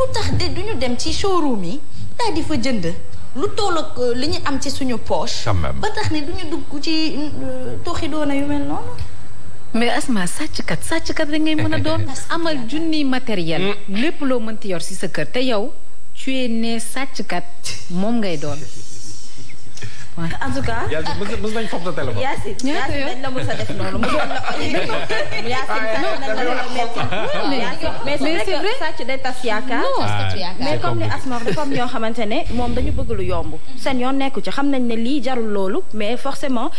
lu tax de duñu dem ci showroom mi daal di fa jënd lu toll euh, li ñu am ci suñu poche. ba tax ne duñu dugg ci euh, tooxi doona yu mel noonu. mais asma sàcckat sàcckat da ngay mën a doon amal junni matériel. Mm. lépp loo mënti yor si sa kër te yow. tu es ne sàcckat moom ngay doon. en tout cas. yàlla mës nañ fob sa téléphone. Yacine Yacine dañ la mës a def noonu. mësoon ah, la Yacine mais c'est vrai sàcc day tas yaakaar. Ah, mais comme ni Asmar dafa am ñoo xamante ne moom dañu bëgg lu yomb. seen yoon nekku ci xam nañ ne lii jarul loolu mais forcément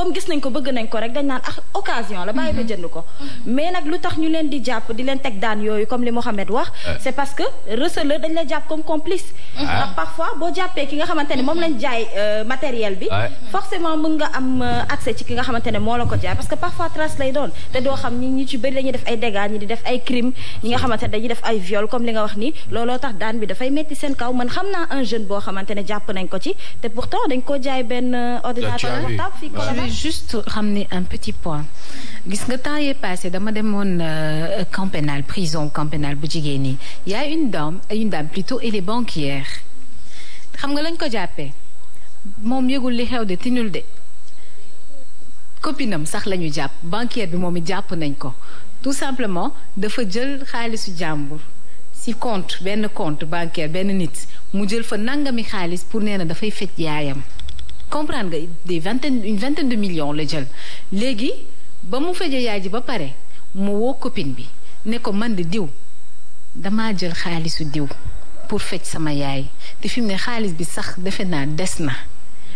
comme gis nañ ko bëgg nañ ko rek dañ naan ah occasion la bàyyi ba jënd ko mais nag lu tax ñu leen di jàpp di leen teg daan yooyu comme li Mohamed wax c'est parce que receleur dañ la jàpp comme complice ndax ki nga xamante ne moom lañ jaay euh, matériel bi forcément mën nga am euh, accès ki nga xamante ne moo la ko jaay parce que parfois trace lay doon te doo xam ñi ñi ci bëri dañuy def ay dégâts ñi di def ay crime ñi nga xamante ne def ay viol comme li nga wax ni looloo tax daan bi dafay metti seen kaw man xam naa un jeune boo xamante ne jàpp nañ ko ci te pourtant dañ koo jaay benn euh, ordinateur portable fii juste ramener un petit point gis nga temps yee passé dama dem euh, camp pénal prison camp bu jigéen ñi y a une dame une dame plutôt elle est banquière xam nga lañ ko jàppee moom yëgul li xew de tinul de copinam sax lañu jàpp banquière bi moom i jàpp nañ ko tout simplement dafa jël xaalisu jàmbur si compte benn compte bancaire benn nit mu jël fa nangami xaalis pour nee na dafay fecc yaayam comprendre nga des vingtaine une vingt de millions la jël léegi ba mu fejee yaay ji ba pare mu woo copine bi ne ko man di diw damaa jël xaalisu diw pour fej sama yaay te fi mu ne xaalis bi sax defe naa des na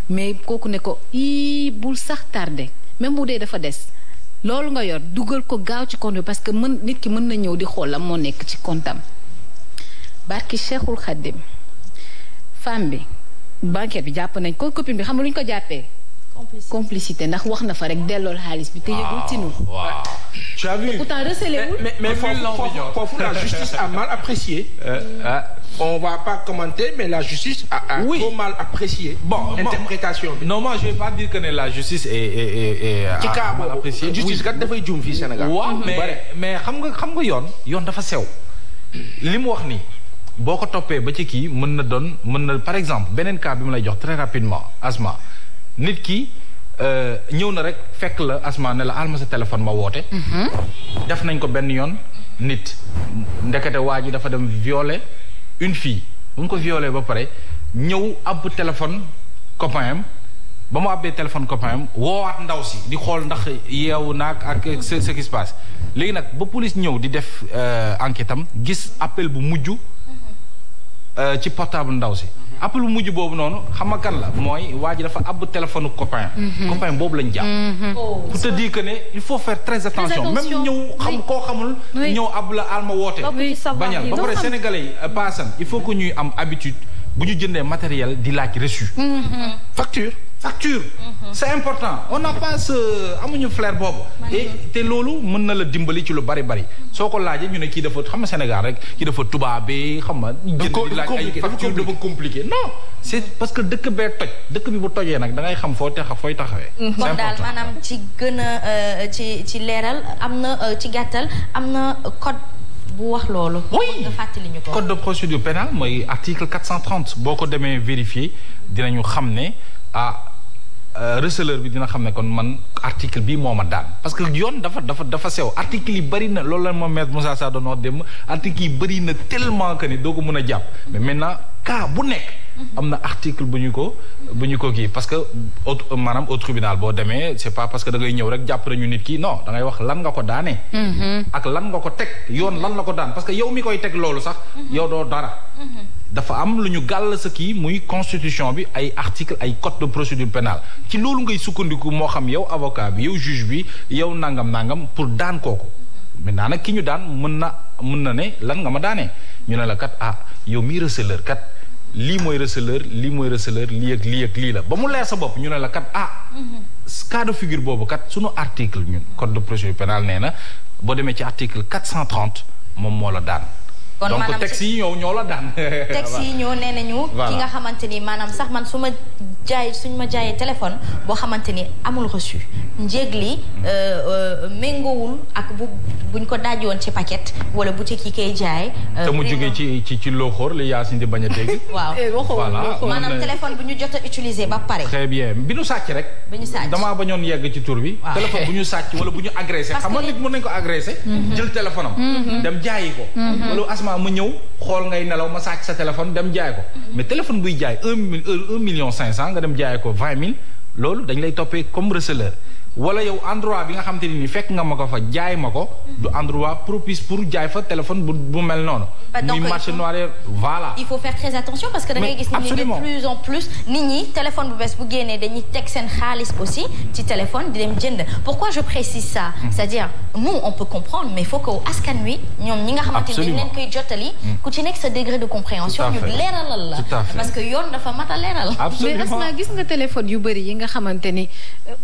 mais kooku ne ko ii bul sax tardé même bu dee dafa des loolu nga yor dugal ko gaaw ci compte bi parce que mën nit ki mën na ñëw di xool la moo nekk ci compte am barki Cheikhul Khadim femme bi banquette bi jàpp nañ ko copine bi xam nga lu ñu ko jàppee. complicité ndax wax na fa rek dellool xaalis bi. te yëgul tinu. waaw tu as vu mais mais foofu la justice a mal apprécié. Euh, euh, ah. on va pas commenter mais la justice a. a oui. trop mal apprécié. bon interprétation bi. no moi je vais pas dire que ne la justice est est a mal apprécié. justice kat dafay juum fii Sénégal. mais xam nga xam nga yoon. yoon dafa sew. li wax ni boo ko toppee ba ci kii mën na doon mën na par exemple beneen cas bi mu lay jox très rapidement asma nit ki euh, ñëw na rek fekk la asma ne la alma sa téléphone ma woote. Mhm. def nañ ko benn yoon nit ndekete waa ji dafa dem violer une fii bu mu ko violer ba pare ñëw ab téléphone copain ba mu àbbee téléphone copain am ndaw si di xool ndax yeewu naag ak ce ce léegi nag ba police ñëw di def euh, enquête am gis appel bu mujj. Mhm. Euh, ci portable ndaw si. Mhm. appel bu mujj boobu noonu xam nga kan la mooy waa ji dafa àbb téléphone copain. Mhm. copain boobu lañ jàpp. Mhm. Oh, pour te dire que ne il faut faire très attention même ñëw xam koo xamul. ñëw ab la alma woote. bañal ba pare sénégalais yi euh, paasan il faut que ñuy am habitude bu ñu jëndee matériel di laaj reçu. facture. facture c'est important on n'a pas amuñu flair boobu te loolu mën na la dimbali ci lu bari bari soo ko laajee ñu ne kii dafa xam nga Sénégal rek kii dafa tubaabee xam nga jënd laaj ay facture dafa compliqué non parce que dëkk bee toj dëkk bi bu tojee nag da ngay xam foo taxa fooy taxawee mm-hmm. kon daal maanaam ci gën a euh, ci ci leeral am na euh, ci gàttal am na code bu wax loolu. oui code de procédure pénale mooy article 430 boo ko demee vérifier dinañu xam ne ah. Euh, receleur bi dina xam ne kon man article bi moo ma daan parce que yoon dafa dafa dafa sew article yi bëri na loolu la ma maître Moussa Sarr doon wax démb article yi bëri na tellement que ni doo ko mën a jàpp mais maintenant cas bu nekk. Mhm. am na bu ñu ko bu ñu ko kii parce que au euh, maanaam au tribunal boo demee c'est pas parce que da ngay ñëw rek jàpp nañu nit ki non da wax lan nga ko daanee. Mhm. ak lan ko teg yoon lan la ko daan parce que yow mi koy teg loolu sax mhm. yow doo dara. dafa am lu ñu gàll sa kii muy constitution bi ay article ay code de procédure pénale ci loolu ngay sukkandiku moo xam yow avocat bi yow juge bi yow nangam nangam pour daan kooku maintenant nag ki ñu daan mën na mën na ne lan nga ma daanee ñu ne la kat ah yow mii recelleur kat lii mooy receleur lii mooy recelleur lii ak lii la ba mu leer sa bopp ñu ne la kat ah mhm. cas de figure boobu kat suñu article ñun code de procédure pénale nee na boo demee ci article 430 moom moo la daan kon donc texte yi yow ñoo la daan. texte yi ñoo nee nañu. ki nga xamante ni maanaam sax man su ma jaay suñ ma jaayee téléphone boo xamante ni amul reçu njëg li mm. euh, euh, méngoowul ak bu buñ ko daajoon ci paquet wala boutique yi koy jaay. Euh, te mu jógee ci ci ci loxoor li Yacine di bañ a dégg. waaw eh, voilà maanaam téléphone bu ñu jot a ba pare. très bien bi ñu sàcc rek. bi ñu sàcc damaa bañoon yegg ci tur bi. téléphone bu ñu sàcc wala bu ñu agressé. parce que xam nga nit mën nañ ko agressé. Mm-hmm. jël téléphone am. Mm-hmm. dem jaayi ko. Mm-hmm. fois ma ñëw xool ngay nelaw ma sàcc sa téléphone dem jaay ko mm-hmm. mais téléphone buy jaay un million cinq cent nga dem jaay ko vingt mille loolu dañ lay toppee comme receleur wala yow endroit bi nga xam te ne ni fekk nga ma ko fa jaay ma ko. Mm-hmm. du endroit propice pour jaay fa téléphone bu bu mel noonu. muy marché noir voilà. il faut faire très attention parce que da ni ñi téléphone bu bees bu génnee dañuy teg seen xaalis aussi ci téléphone di dem jënd pourquoi je précise ça. Mm-hmm. c'est-à-dire nous on peut comprendre mais il faut que askan ñoom ñi nga xamante ni leen koy jottali. Mm. ku ci nekk sa degré de compréhension. ñu leeralal la parce que yoon dafa mat a leeral. mais gis nga téléphone yu bëri yi nga xamante ni euh,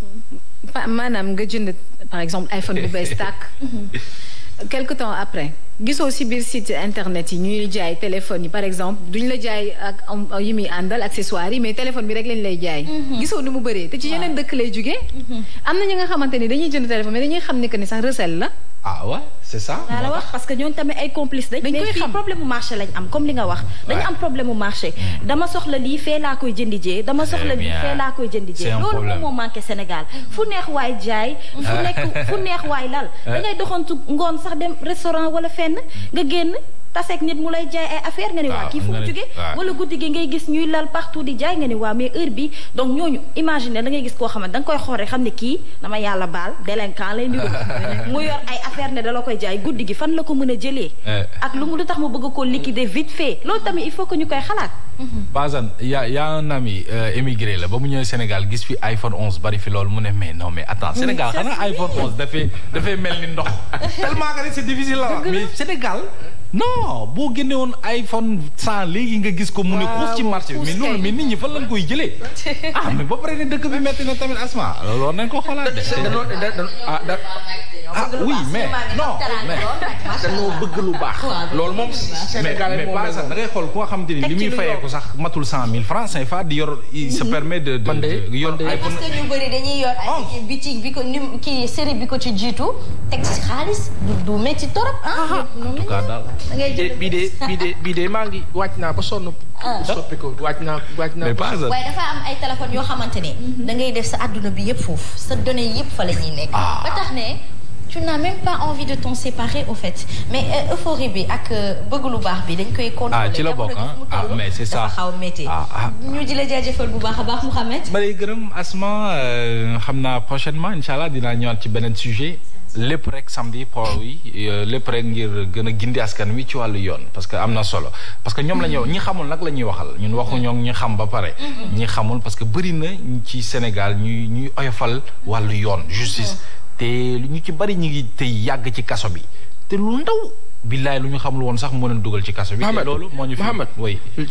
maanaam nga jënd par exemple iPhone bu bees tàkk quelque temps après gisoo si biir site internet yi ñuy jaay téléphone yi par exemple duñ la jaay ak yi muy àndal accessoires yi mais téléphone bi rek lañ lay jaay. Mhm. gisoo nu mu bëree te ci yeneen dëkk lay jugee. Mhm. am na ñi nga xamante ni dañuy jënd téléphone mais dañuy xam ne que ni sax recel la. ah waaw c'est ça. daa la wax parce que ñooñu tamit ay complices dañ. koy xam problème mu marché lañ am comme li nga wax. dañ am problème mu marché. Hmm. dama soxla lii fee laa koy jëndi jee. dama soxla lii fee laa koy jëndi jee. loolu moom moo manqué Sénégal fu neex waay jaay. fu nekk fu neex waay lal. da doxantu ngoon sax dem restaurant wala fenn nga génn. taseeg nit mu lay jaay ay affaire nga ni waa ah, kii fu mu jógee ah. guddi gi ngay gis ñuy lal partout di jaay nga ni waa mais heure bi donc ñooñu imaginer da ngay gis koo xamante da nga koy xool rek xam ne kii dama yàlla baal délinquant lay niru mu da la koy jaay guddi gi fan la ko mën a jëlee eh. ak lu mu lu tax mu bëgg koo liquider vite fait loolu tamit il faut que ñu koy xalaat mhm. Bazan yaa yaa euh, la ba ñëwee Sénégal gis fi iPhone 11 bari fi loolu mu ne mais non mais attends Sénégal xanaa iPhone 11 dafay mel ni ndox tellement que c'est difficile la mais Sénégal non boo génne woon iPhone 100 léegi nga gis ko mu ne xuus ci marché bi mais loolu mais nit ñi fan lañ koy jëlee ah mais ba pare ne dëkk bi metti na tamit asma loolu nañ ko xoolaat de ah ah mais non mais dañoo bëgg lu baax. loolu moom Sénégal moom mais sax koo xam te ni li muy fayee ko sax matul cent mille francs CFA di yor il mm-hmm. se permet de. de yor ay parce que ñu bëri dañuy yor ay bitig oh. bi ko ni bi ko ci jiitu teg ci xaalis du métti trop bii de maa ngi wàcc naa ba sonn. Ah. soppi ko wàcc naa wàcc naa. waaye dafa am ay téléphones yoo xamante ne. Mm-hmm. da ngay def sa adduna bi yëpp foofu sa données yëpp fa la nekk. Ah. ba tax ne. tu n'as même pas envie de t'en séparer au fait mais euh, euphorie bi ak euh, bëgg lu baax bi dañ koy. ah ci la bokk ah mais c'est ça xaw métti ah, ah. ñu di la jaajëfal bu baax a baax Mouhamed. ma lay gërëm Asma euh, xam naa prochainement incha allah dinaa ñëwaat ci beneen sujet. lépp rek samedi port wi lépp rek ngir gën a gindi askan wi ci wàllu yoon parce que am na solo parce que ñoom la ñuy ñi xamul nag la ñuy waxal ñun waxuñoo ñi xam ba pare. Mm-hmm. ñi xamul parce que bëri na ci Sénégal ñuy ñuy oyofal wàllu yoon justice. Mm-hmm. te lu ñu ci bari ñu ngi tey yàgg ci kaso bi te lu ndaw billaay lu ñu xamul woon sax moo leen dugal ci kaso bi. te loolu moo ñu fi Mouhamed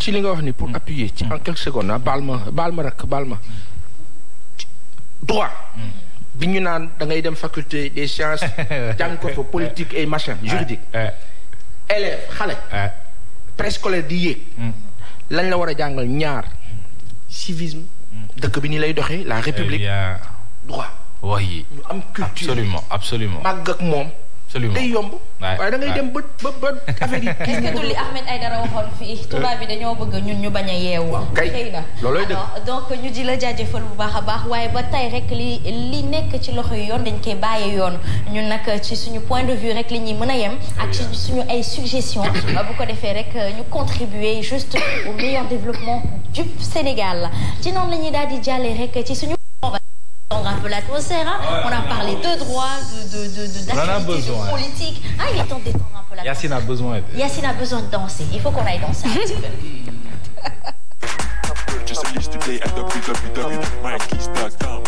ci li nga wax ni pour mm. appuyer ci mm. en quelques secondes ah baal ma baal ma rek baal ma. Mm. droit. bi ñu naan da ngay dem faculté des sciences jàng ko fa politique et machin juridique. élève xale. préscolaire di yéeg. lañ la war a jàngal ñaar civisme. dëkk bi ni lay doxe la eh république droit. wax yi. ñu am culture absolument absolument màgg ak moom. absolument yomb. waaye da ngay dem ba ba ba affaire yi. est-ce que du li waxoon fii euh. tubaab bi dañoo bëgg ñun ñu bañ a yeewu. kay loolooy dëgg donc ñu di la jaajëfal bu baax a baax waaye ba tey rek li li nekk ci loxo yoon dañ koy bàyyi yoon ñun nag ci suñu point de vue rek li ñuy mën a yem. Ah ak ci suñu ay suggestion bu ko defee rek ñu contribuer juste au meilleur développement du Sénégal ci noonu la ñuy daal un peu l'atmosphère. Hein. On a parlé de droit, de, de, de, de, On en a besoin. de politique. Ah, il est temps d'étendre un peu la Yacine a besoin. Yacine a besoin de danser. Il faut qu'on aille danser un petit peu.